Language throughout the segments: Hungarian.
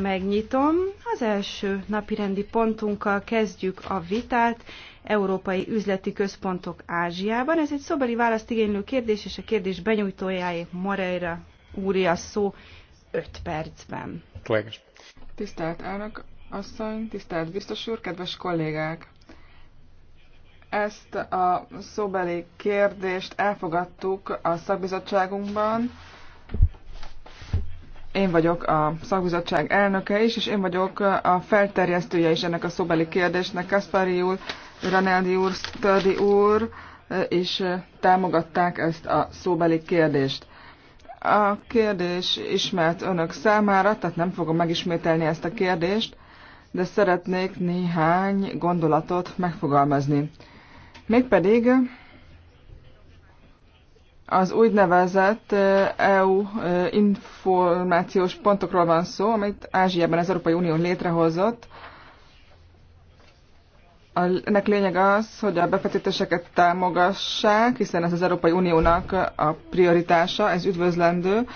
megnyitom. Az első napirendi pontunkkal kezdjük a vitát. Európai Üzleti Központok Ázsiában. Ez egy szobeli választ igénylő kérdés, és a kérdés benyújtójáé Moreira úri a szó 5 percben. Kleges. Tisztelt elnök asszony, tisztelt biztos úr, kedves kollégák! Ezt a szóbeli kérdést elfogadtuk a szakbizottságunkban, én vagyok a szakbizottság elnöke is, és én vagyok a felterjesztője is ennek a szóbeli kérdésnek. Kaspari úr, Raneldi úr, Stördi úr is támogatták ezt a szóbeli kérdést. A kérdés ismert önök számára, tehát nem fogom megismételni ezt a kérdést, de szeretnék néhány gondolatot megfogalmazni. Mégpedig az úgynevezett EU információs pontokról van szó, amit Ázsiában az Európai Unió létrehozott. A, ennek lényeg az, hogy a befektetéseket támogassák, hiszen ez az Európai Uniónak a prioritása, ez üdvözlendő,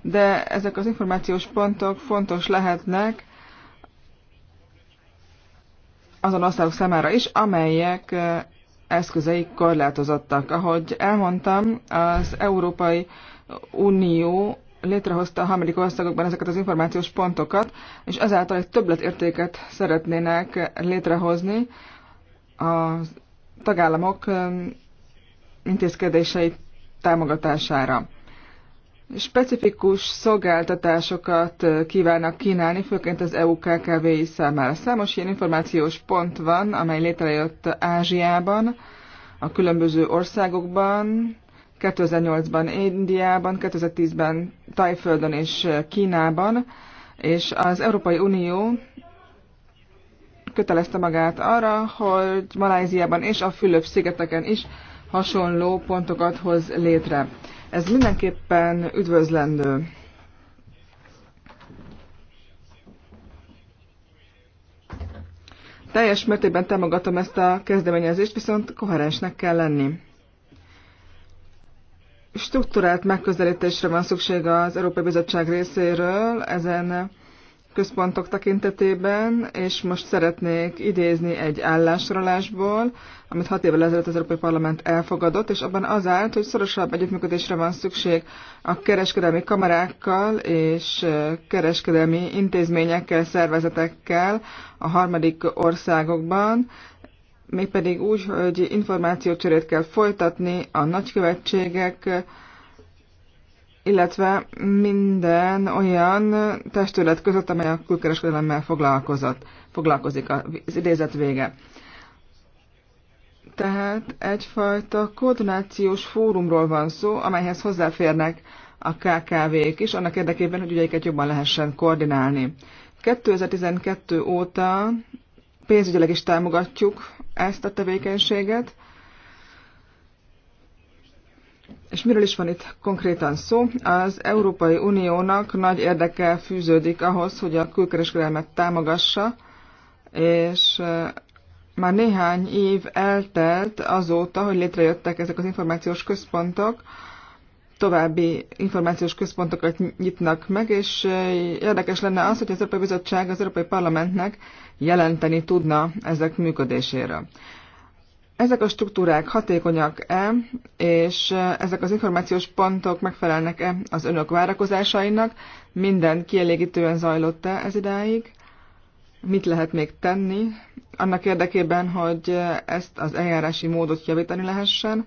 de ezek az információs pontok fontos lehetnek azon országok számára is, amelyek eszközei korlátozottak. Ahogy elmondtam, az Európai Unió létrehozta a harmadik országokban ezeket az információs pontokat, és ezáltal egy többletértéket szeretnének létrehozni a tagállamok um, intézkedései támogatására specifikus szolgáltatásokat kívánnak kínálni, főként az EU kkv számára. Számos ilyen információs pont van, amely létrejött Ázsiában, a különböző országokban, 2008-ban Indiában, 2010-ben Tajföldön és Kínában, és az Európai Unió kötelezte magát arra, hogy Maláziában és a Fülöp-szigeteken is hasonló pontokat hoz létre. Ez mindenképpen üdvözlendő. Teljes mértékben támogatom ezt a kezdeményezést, viszont koherensnek kell lenni. Struktúrált megközelítésre van szükség az Európai Bizottság részéről ezen központok tekintetében, és most szeretnék idézni egy állásrólásból, amit hat évvel ezelőtt az Európai Parlament elfogadott, és abban az állt, hogy szorosabb együttműködésre van szükség a kereskedelmi kamerákkal és kereskedelmi intézményekkel, szervezetekkel a harmadik országokban, mégpedig úgy, hogy információcserét kell folytatni a nagykövetségek, illetve minden olyan testület között, amely a külkereskedelemmel foglalkozott, foglalkozik az idézet vége. Tehát egyfajta koordinációs fórumról van szó, amelyhez hozzáférnek a KKV-k is, annak érdekében, hogy ügyeiket jobban lehessen koordinálni. 2012 óta pénzügyileg is támogatjuk ezt a tevékenységet, És miről is van itt konkrétan szó? Az Európai Uniónak nagy érdeke fűződik ahhoz, hogy a külkereskedelmet támogassa, és már néhány év eltelt azóta, hogy létrejöttek ezek az információs központok, további információs központokat nyitnak meg, és érdekes lenne az, hogy az Európai Bizottság az Európai Parlamentnek jelenteni tudna ezek működéséről. Ezek a struktúrák hatékonyak-e, és ezek az információs pontok megfelelnek-e az önök várakozásainak? Minden kielégítően zajlott-e ez idáig? Mit lehet még tenni annak érdekében, hogy ezt az eljárási módot javítani lehessen?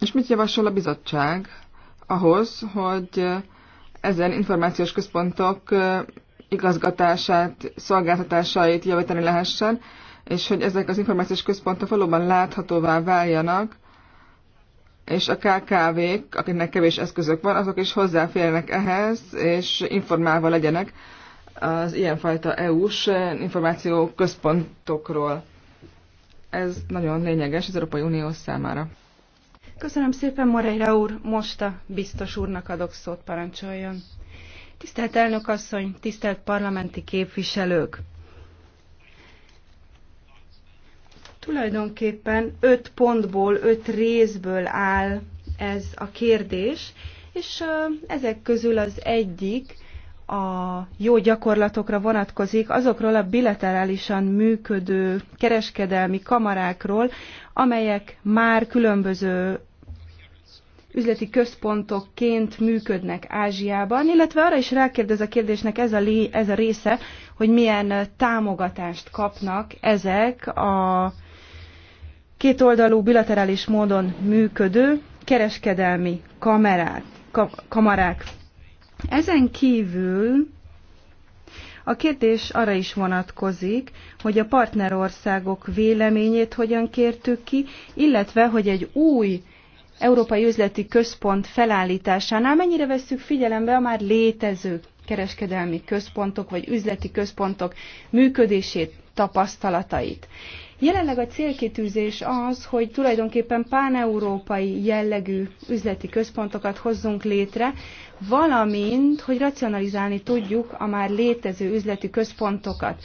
És mit javasol a bizottság ahhoz, hogy ezen információs központok igazgatását, szolgáltatásait javítani lehessen, és hogy ezek az információs központok valóban láthatóvá váljanak, és a KKV-k, akiknek kevés eszközök van, azok is hozzáférnek ehhez, és informálva legyenek az ilyenfajta EU-s információ központokról. Ez nagyon lényeges az Európai Unió számára. Köszönöm szépen, Moreira úr. Most a biztos úrnak adok szót, parancsoljon. Tisztelt elnök asszony, tisztelt parlamenti képviselők! Tulajdonképpen öt pontból, öt részből áll ez a kérdés, és ezek közül az egyik a jó gyakorlatokra vonatkozik azokról a bilaterálisan működő kereskedelmi kamarákról, amelyek már különböző üzleti központokként működnek Ázsiában, illetve arra is rákérdez a kérdésnek ez a, lé, ez a része, hogy milyen támogatást kapnak ezek a kétoldalú bilaterális módon működő kereskedelmi kamerák. kamarák. Ezen kívül a kérdés arra is vonatkozik, hogy a partnerországok véleményét hogyan kértük ki, illetve hogy egy új Európai Üzleti Központ felállításánál mennyire vesszük figyelembe a már létező kereskedelmi központok vagy üzleti központok működését, tapasztalatait. Jelenleg a célkitűzés az, hogy tulajdonképpen páneurópai jellegű üzleti központokat hozzunk létre, valamint, hogy racionalizálni tudjuk a már létező üzleti központokat.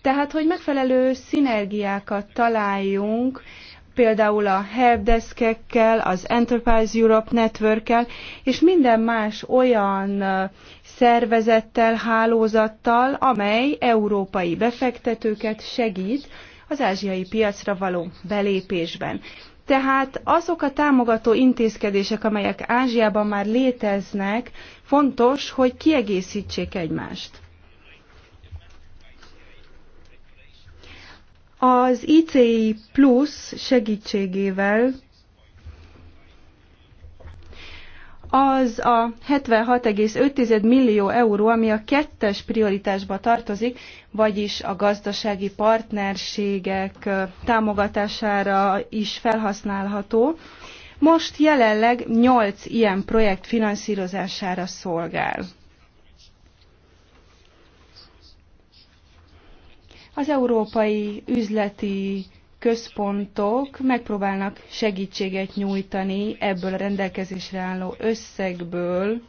Tehát, hogy megfelelő szinergiákat találjunk például a helpdeskekkel, az Enterprise Europe Networkkel, és minden más olyan szervezettel, hálózattal, amely európai befektetőket segít az ázsiai piacra való belépésben. Tehát azok a támogató intézkedések, amelyek Ázsiában már léteznek, fontos, hogy kiegészítsék egymást. Az ICI Plus segítségével az a 76,5 millió euró, ami a kettes prioritásba tartozik, vagyis a gazdasági partnerségek támogatására is felhasználható. Most jelenleg 8 ilyen projekt finanszírozására szolgál. Az európai üzleti központok megpróbálnak segítséget nyújtani ebből a rendelkezésre álló összegből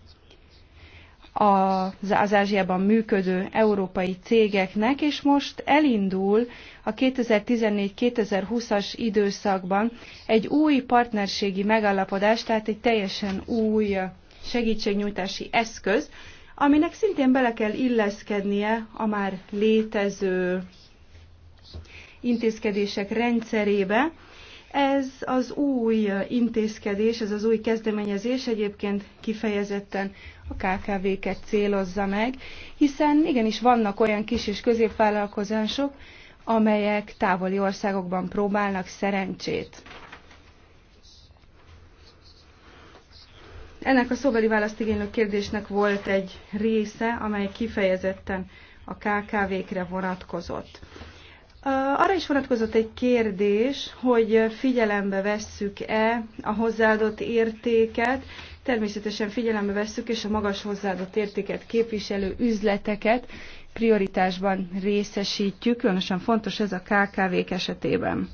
az Ázsiában működő európai cégeknek, és most elindul a 2014-2020-as időszakban egy új partnerségi megállapodás, tehát egy teljesen új segítségnyújtási eszköz, aminek szintén bele kell illeszkednie a már létező intézkedések rendszerébe. Ez az új intézkedés, ez az új kezdeményezés egyébként kifejezetten a KKV-ket célozza meg, hiszen igenis vannak olyan kis és középvállalkozások, amelyek távoli országokban próbálnak szerencsét. Ennek a szóbeli választ igénylő kérdésnek volt egy része, amely kifejezetten a KKV-kre vonatkozott. Arra is vonatkozott egy kérdés, hogy figyelembe vesszük-e a hozzáadott értéket, természetesen figyelembe vesszük, és a magas hozzáadott értéket képviselő üzleteket prioritásban részesítjük, különösen fontos ez a KKV-k esetében.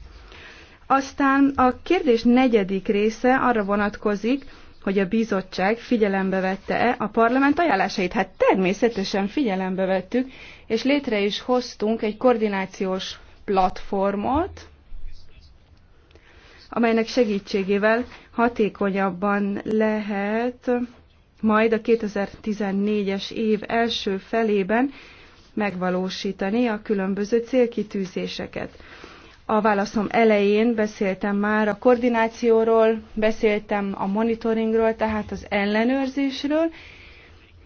Aztán a kérdés negyedik része arra vonatkozik, hogy a bizottság figyelembe vette-e a parlament ajánlásait. Hát természetesen figyelembe vettük, és létre is hoztunk egy koordinációs platformot, amelynek segítségével hatékonyabban lehet majd a 2014-es év első felében megvalósítani a különböző célkitűzéseket. A válaszom elején beszéltem már a koordinációról, beszéltem a monitoringról, tehát az ellenőrzésről,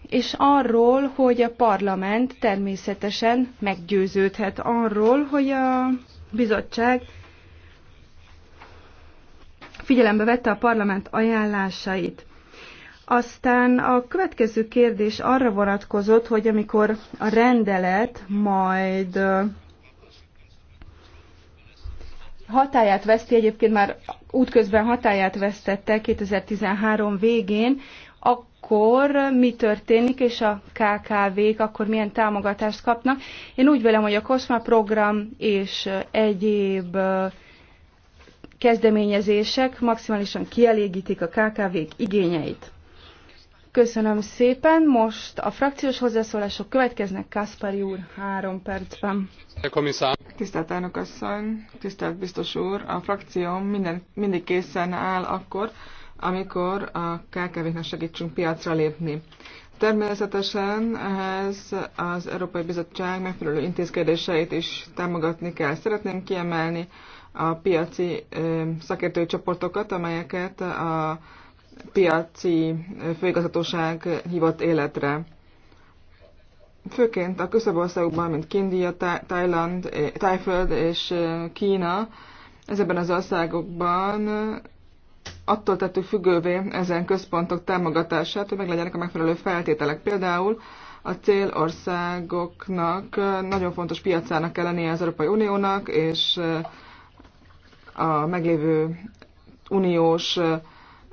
és arról, hogy a parlament természetesen meggyőződhet arról, hogy a bizottság figyelembe vette a parlament ajánlásait. Aztán a következő kérdés arra vonatkozott, hogy amikor a rendelet majd hatáját veszti, egyébként már útközben hatáját vesztette 2013 végén, akkor mi történik, és a KKV-k akkor milyen támogatást kapnak. Én úgy vélem, hogy a COSMA program és egyéb kezdeményezések maximálisan kielégítik a KKV-k igényeit. Köszönöm szépen. Most a frakciós hozzászólások következnek. Kaspari úr, három percben. Tisztelt elnök asszony, tisztelt biztos úr, a frakcióm minden, mindig készen áll akkor, amikor a kkv segítsünk piacra lépni. Természetesen ehhez az Európai Bizottság megfelelő intézkedéseit is támogatni kell. Szeretném kiemelni a piaci szakértői csoportokat, amelyeket a piaci főigazgatóság hívott életre. Főként a országokban, mint Kindia, Thailand, Tájföld és Kína, ezekben az országokban attól tettük függővé ezen központok támogatását, hogy meglegyenek a megfelelő feltételek. Például a célországoknak nagyon fontos piacának kell lennie az Európai Uniónak, és a meglévő uniós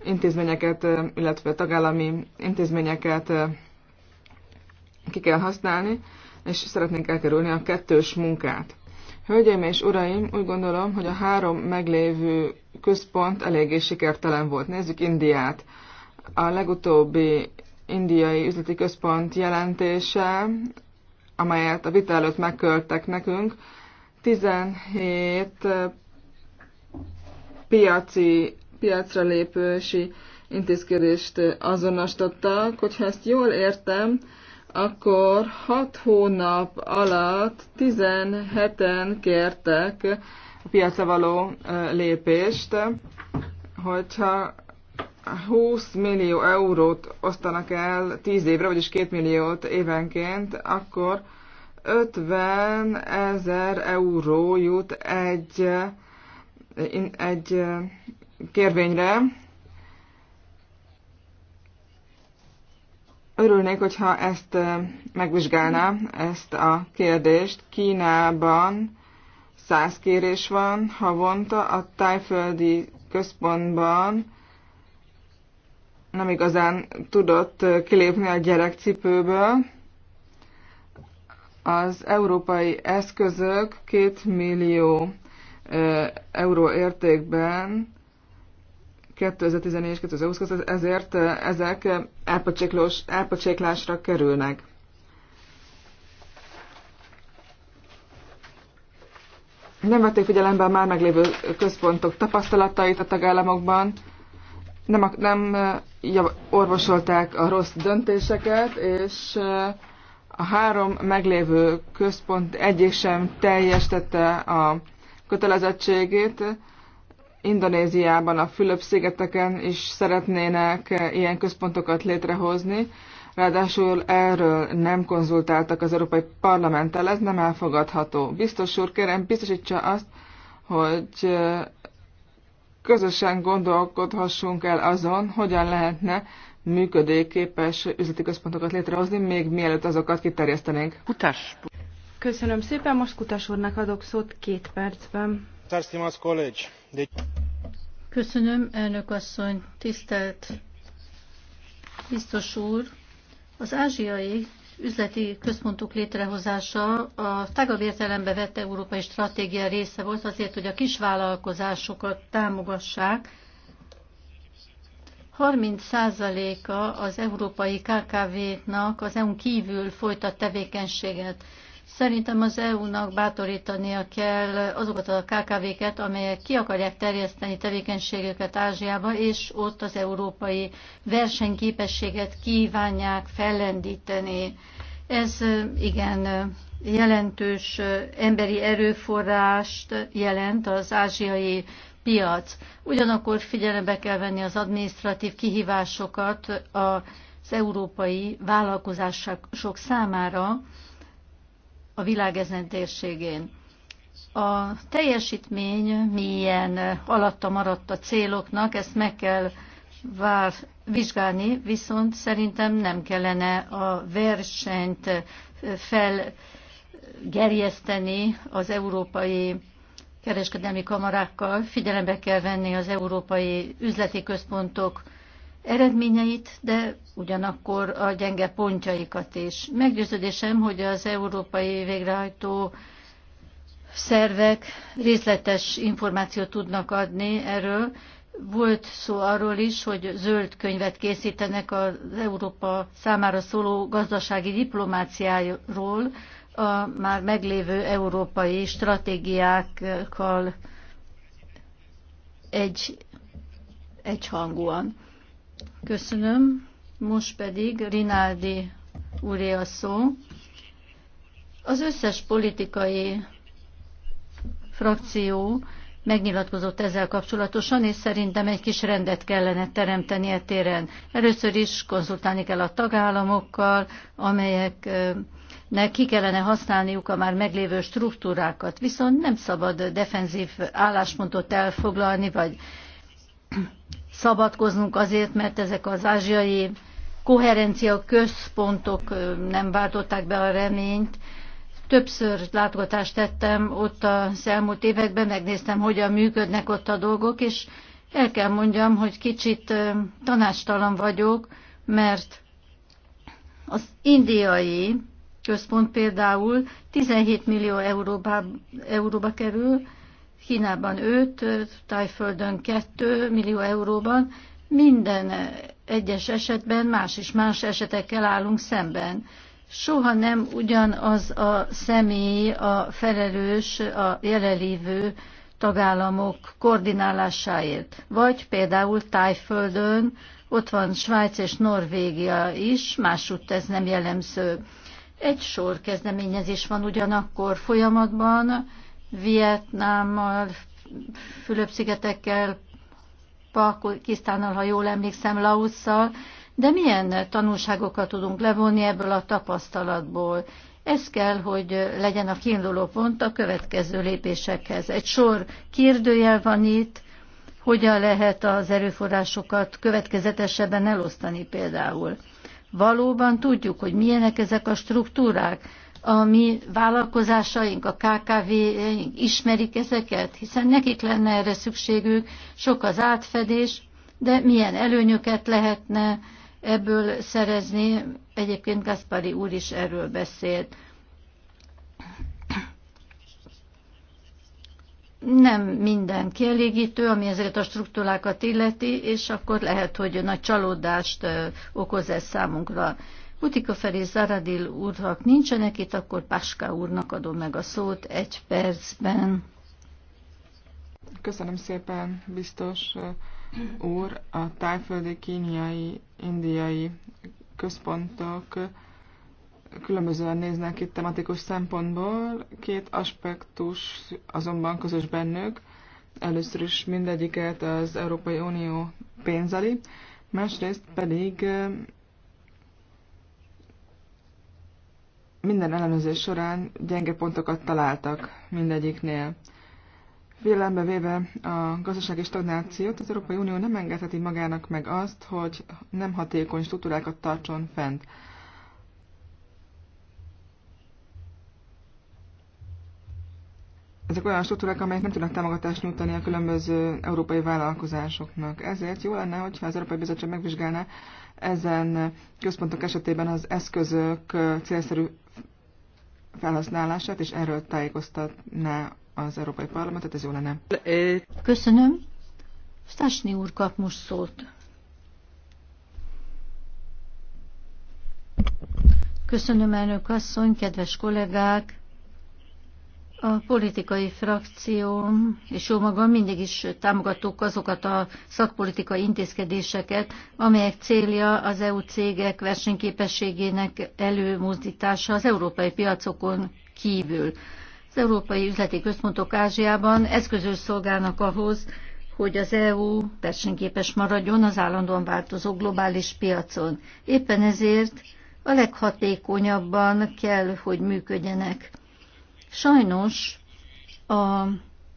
intézményeket, illetve tagállami intézményeket ki kell használni, és szeretnénk elkerülni a kettős munkát. Hölgyeim és uraim, úgy gondolom, hogy a három meglévő központ eléggé sikertelen volt. Nézzük Indiát. A legutóbbi indiai üzleti központ jelentése, amelyet a vita előtt megköltek nekünk, 17 piaci piacra lépősi intézkedést azonosítottak. Hogyha ezt jól értem, akkor 6 hónap alatt 17-en kértek a piacra való lépést, hogyha 20 millió eurót osztanak el 10 évre, vagyis 2 milliót évenként, akkor 50 ezer euró jut egy, egy kérvényre. Örülnék, hogyha ezt megvizsgálná, ezt a kérdést. Kínában száz kérés van havonta, a tájföldi központban nem igazán tudott kilépni a gyerekcipőből. Az európai eszközök 2 millió euró értékben 2014 és 2020 között, ezért ezek elpocséklásra kerülnek. Nem vették figyelembe a már meglévő központok tapasztalatait a tagállamokban, nem, nem orvosolták a rossz döntéseket, és a három meglévő központ egyik sem teljesítette a kötelezettségét, Indonéziában, a Fülöp-szigeteken is szeretnének eh, ilyen központokat létrehozni. Ráadásul erről nem konzultáltak az Európai Parlamenttel, ez nem elfogadható. Biztos úr, kérem, biztosítsa azt, hogy eh, közösen gondolkodhassunk el azon, hogyan lehetne működőképes üzleti központokat létrehozni, még mielőtt azokat kiterjesztenénk. Köszönöm szépen, most Kutas úrnak adok szót két percben. Köszönöm, elnök asszony, tisztelt biztos úr! Az ázsiai üzleti központok létrehozása a tágabb értelembe vett európai stratégia része volt azért, hogy a kisvállalkozásokat támogassák. 30%-a az európai KKV-knak az EU-n kívül folytat tevékenységet. Szerintem az EU-nak bátorítania kell azokat a KKV-ket, amelyek ki akarják terjeszteni tevékenységüket Ázsiába, és ott az európai versenyképességet kívánják fellendíteni. Ez igen jelentős emberi erőforrást jelent az ázsiai piac. Ugyanakkor figyelembe kell venni az adminisztratív kihívásokat az európai vállalkozások számára, a világ ezen térségén. A teljesítmény milyen alatta maradt a céloknak, ezt meg kell vár, vizsgálni, viszont szerintem nem kellene a versenyt felgerjeszteni az európai kereskedelmi kamarákkal. Figyelembe kell venni az európai üzleti központok eredményeit, de ugyanakkor a gyenge pontjaikat is. Meggyőződésem, hogy az európai végrehajtó szervek részletes információt tudnak adni erről. Volt szó arról is, hogy zöld könyvet készítenek az Európa számára szóló gazdasági diplomáciáról, a már meglévő európai stratégiákkal egy, egyhangúan. Köszönöm. Most pedig Rinaldi úré a szó. Az összes politikai frakció megnyilatkozott ezzel kapcsolatosan, és szerintem egy kis rendet kellene teremteni e téren. Először is konzultálni kell a tagállamokkal, amelyeknek ki kellene használniuk a már meglévő struktúrákat. Viszont nem szabad defenzív álláspontot elfoglalni, vagy szabadkoznunk azért, mert ezek az ázsiai koherencia központok nem váltották be a reményt. Többször látogatást tettem ott az elmúlt években, megnéztem, hogyan működnek ott a dolgok, és el kell mondjam, hogy kicsit tanástalan vagyok, mert az indiai központ például 17 millió euróba, euróba kerül, Kínában 5, Tájföldön 2 millió euróban, minden egyes esetben más és más esetekkel állunk szemben. Soha nem ugyanaz a személy, a felelős, a jelenlévő tagállamok koordinálásáért. Vagy például Tájföldön, ott van Svájc és Norvégia is, másútt ez nem jellemző. Egy sor kezdeményezés van ugyanakkor folyamatban, Vietnámmal, Fülöp-szigetekkel, Pakisztánnal, ha jól emlékszem, Laosszal, de milyen tanulságokat tudunk levonni ebből a tapasztalatból? Ez kell, hogy legyen a kiinduló pont a következő lépésekhez. Egy sor kérdőjel van itt, hogyan lehet az erőforrásokat következetesebben elosztani például. Valóban tudjuk, hogy milyenek ezek a struktúrák, a mi vállalkozásaink, a KKV-ink ismerik ezeket, hiszen nekik lenne erre szükségük, sok az átfedés, de milyen előnyöket lehetne ebből szerezni. Egyébként Gaspari úr is erről beszélt. nem minden kielégítő, ami ezeket a struktúrákat illeti, és akkor lehet, hogy nagy csalódást okoz ez számunkra. Utika felé Zaradil úrnak nincsenek itt, akkor Paská úrnak adom meg a szót egy percben. Köszönöm szépen, biztos úr, a tájföldi kínai, indiai központok különbözően néznek itt tematikus szempontból. Két aspektus azonban közös bennük. Először is mindegyiket az Európai Unió pénzeli, másrészt pedig minden ellenőrzés során gyenge pontokat találtak mindegyiknél. Figyelembe véve a gazdasági stagnációt, az Európai Unió nem engedheti magának meg azt, hogy nem hatékony struktúrákat tartson fent. Ezek olyan struktúrák, amelyek nem tudnak támogatást nyújtani a különböző európai vállalkozásoknak. Ezért jó lenne, hogyha az Európai Bizottság megvizsgálná ezen központok esetében az eszközök célszerű felhasználását, és erről tájékoztatná az Európai Parlamentet, ez jó lenne. Köszönöm. Stasni úr kap most szót. Köszönöm, elnök asszony, kedves kollégák! A politikai frakcióm és jó magam mindig is támogattuk azokat a szakpolitikai intézkedéseket, amelyek célja az EU cégek versenyképességének előmozdítása az európai piacokon kívül. Az európai üzleti központok Ázsiában eszközös szolgálnak ahhoz, hogy az EU versenyképes maradjon az állandóan változó globális piacon. Éppen ezért a leghatékonyabban kell, hogy működjenek Sajnos a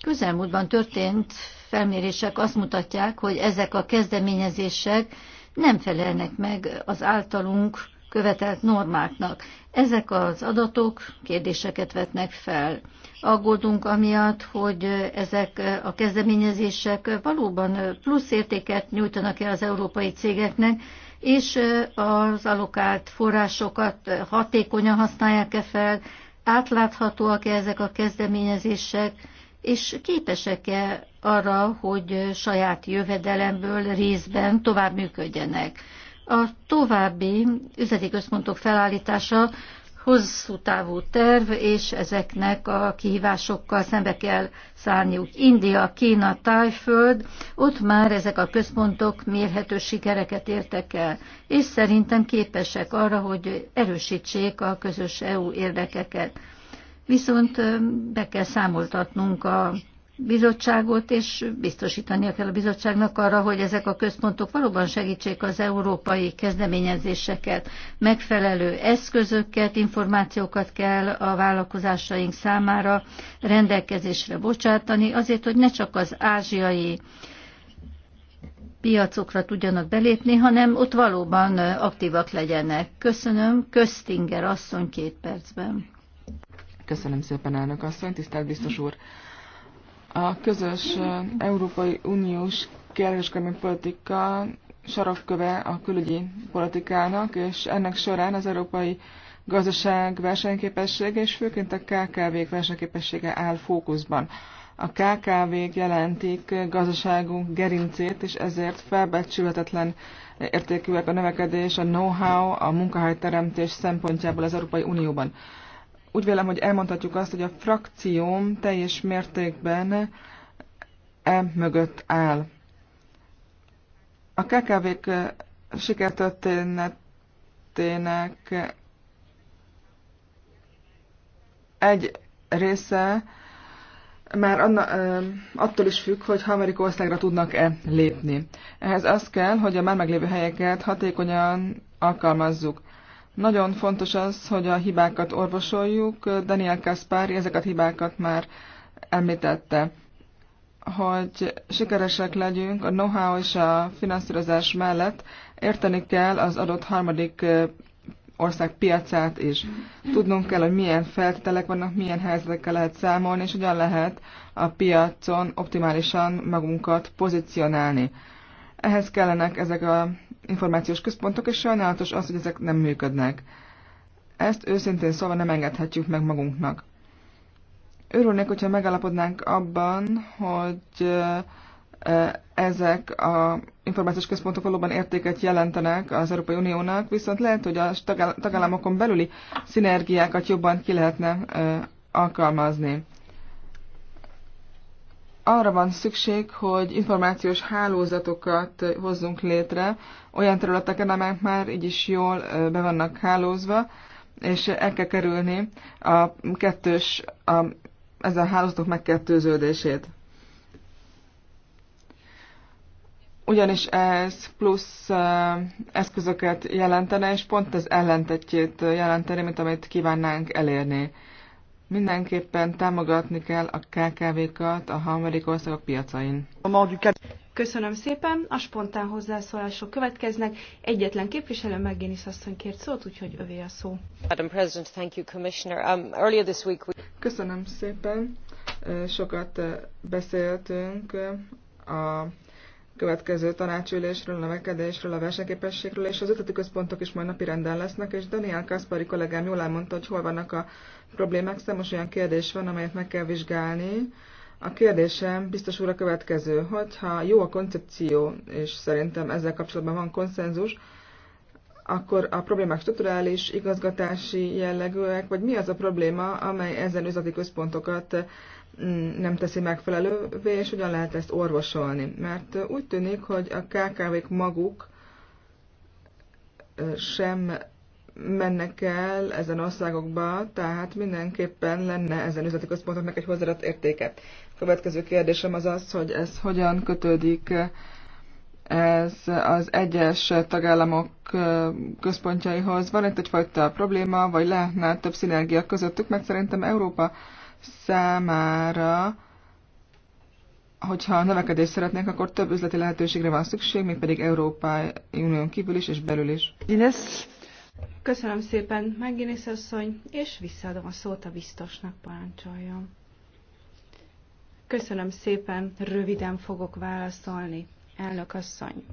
közelmúltban történt felmérések azt mutatják, hogy ezek a kezdeményezések nem felelnek meg az általunk követelt normáknak. Ezek az adatok kérdéseket vetnek fel. Aggódunk amiatt, hogy ezek a kezdeményezések valóban plusz értéket nyújtanak el az európai cégeknek, és az alokált forrásokat hatékonyan használják-e fel, átláthatóak-e ezek a kezdeményezések, és képesek-e arra, hogy saját jövedelemből részben tovább működjenek. A további üzleti központok felállítása hosszú távú terv, és ezeknek a kihívásokkal szembe kell szállniuk. India, Kína, Tájföld, ott már ezek a központok mérhető sikereket értek el, és szerintem képesek arra, hogy erősítsék a közös EU érdekeket. Viszont be kell számoltatnunk a bizottságot, és biztosítania kell a bizottságnak arra, hogy ezek a központok valóban segítsék az európai kezdeményezéseket. Megfelelő eszközöket, információkat kell a vállalkozásaink számára rendelkezésre bocsátani, azért, hogy ne csak az ázsiai piacokra tudjanak belépni, hanem ott valóban aktívak legyenek. Köszönöm. Köztinger asszony két percben. Köszönöm szépen, elnök asszony, tisztelt biztos úr. A közös Európai Uniós kereskedelmi politika sarokköve a külügyi politikának, és ennek során az európai gazdaság versenyképessége és főként a KKV-k versenyképessége áll fókuszban. A KKV-k jelentik gazdaságunk gerincét, és ezért felbecsülhetetlen értékűek a növekedés, a know-how, a munkahelyteremtés szempontjából az Európai Unióban úgy vélem, hogy elmondhatjuk azt, hogy a frakcióm teljes mértékben e mögött áll. A KKV-k sikertörténetének egy része már anna, attól is függ, hogy országra tudnak-e lépni. Ehhez az kell, hogy a már meglévő helyeket hatékonyan alkalmazzuk. Nagyon fontos az, hogy a hibákat orvosoljuk. Daniel Kaspari ezeket a hibákat már említette. Hogy sikeresek legyünk a know-how és a finanszírozás mellett, érteni kell az adott harmadik ország piacát is. Tudnunk kell, hogy milyen feltételek vannak, milyen helyzetekkel lehet számolni, és hogyan lehet a piacon optimálisan magunkat pozícionálni. Ehhez kellenek ezek a információs központok, és sajnálatos az, hogy ezek nem működnek. Ezt őszintén szóval nem engedhetjük meg magunknak. Örülnék, hogyha megállapodnánk abban, hogy ezek a információs központok valóban értéket jelentenek az Európai Uniónak, viszont lehet, hogy a tagállamokon belüli szinergiákat jobban ki lehetne alkalmazni arra van szükség, hogy információs hálózatokat hozzunk létre olyan területeken, amelyek már így is jól be vannak hálózva, és el kell kerülni a kettős, a, ezen a hálózatok megkettőződését. Ugyanis ez plusz eszközöket jelentene, és pont az ellentetjét jelenteni, mint amit kívánnánk elérni. Mindenképpen támogatni kell a KKV-kat a harmadik országok piacain. Köszönöm szépen, a spontán hozzászólások következnek. Egyetlen képviselő Megénis asszony kért szót, úgyhogy övé a szó. Madam President, thank you, Commissioner. Um, earlier this week Köszönöm szépen. Sokat beszéltünk a következő tanácsülésről, a növekedésről, a versenyképességről, és az ötleti központok is majd renden lesznek, és Daniel Kaspari kollégám jól elmondta, hogy hol vannak a problémák, számos olyan kérdés van, amelyet meg kell vizsgálni. A kérdésem biztos úr a következő, hogyha jó a koncepció, és szerintem ezzel kapcsolatban van konszenzus, akkor a problémák strukturális, igazgatási jellegűek, vagy mi az a probléma, amely ezen üzleti központokat nem teszi megfelelővé, és hogyan lehet ezt orvosolni. Mert úgy tűnik, hogy a KKV-k maguk sem mennek el ezen országokba, tehát mindenképpen lenne ezen üzleti központoknak egy hozzáadott értéke. Következő kérdésem az az, hogy ez hogyan kötődik ez az egyes tagállamok központjaihoz. Van itt egyfajta probléma, vagy lehetne több szinergia közöttük, mert szerintem Európa számára, hogyha növekedést szeretnénk, akkor több üzleti lehetőségre van szükség, pedig Európai Unión kívül is és belül is. Ines. Köszönöm szépen, Megginis asszony, és visszaadom a szót a biztosnak, parancsoljon. Köszönöm szépen, röviden fogok válaszolni, elnök asszony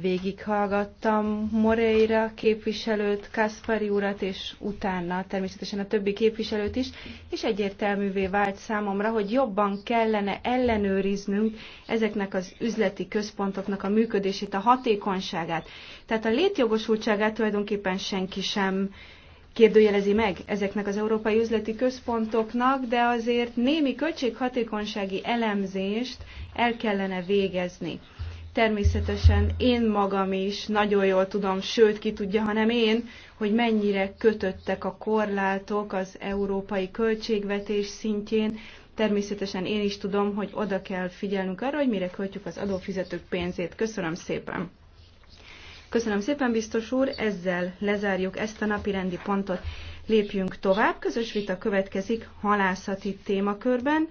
végighallgattam Moreira képviselőt, Kaspari urat, és utána természetesen a többi képviselőt is, és egyértelművé vált számomra, hogy jobban kellene ellenőriznünk ezeknek az üzleti központoknak a működését, a hatékonyságát. Tehát a létjogosultságát tulajdonképpen senki sem kérdőjelezi meg ezeknek az európai üzleti központoknak, de azért némi költséghatékonysági elemzést el kellene végezni. Természetesen én magam is nagyon jól tudom, sőt ki tudja, hanem én, hogy mennyire kötöttek a korlátok az európai költségvetés szintjén. Természetesen én is tudom, hogy oda kell figyelnünk arra, hogy mire költjük az adófizetők pénzét. Köszönöm szépen! Köszönöm szépen, biztos úr, ezzel lezárjuk ezt a napi rendi pontot. Lépjünk tovább, közös vita következik halászati témakörben.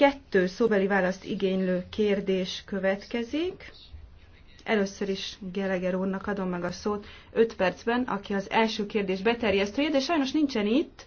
Kettő szóbeli választ igénylő kérdés következik. Először is Geleger úrnak adom meg a szót 5 percben, aki az első kérdés beterjesztője, de sajnos nincsen itt,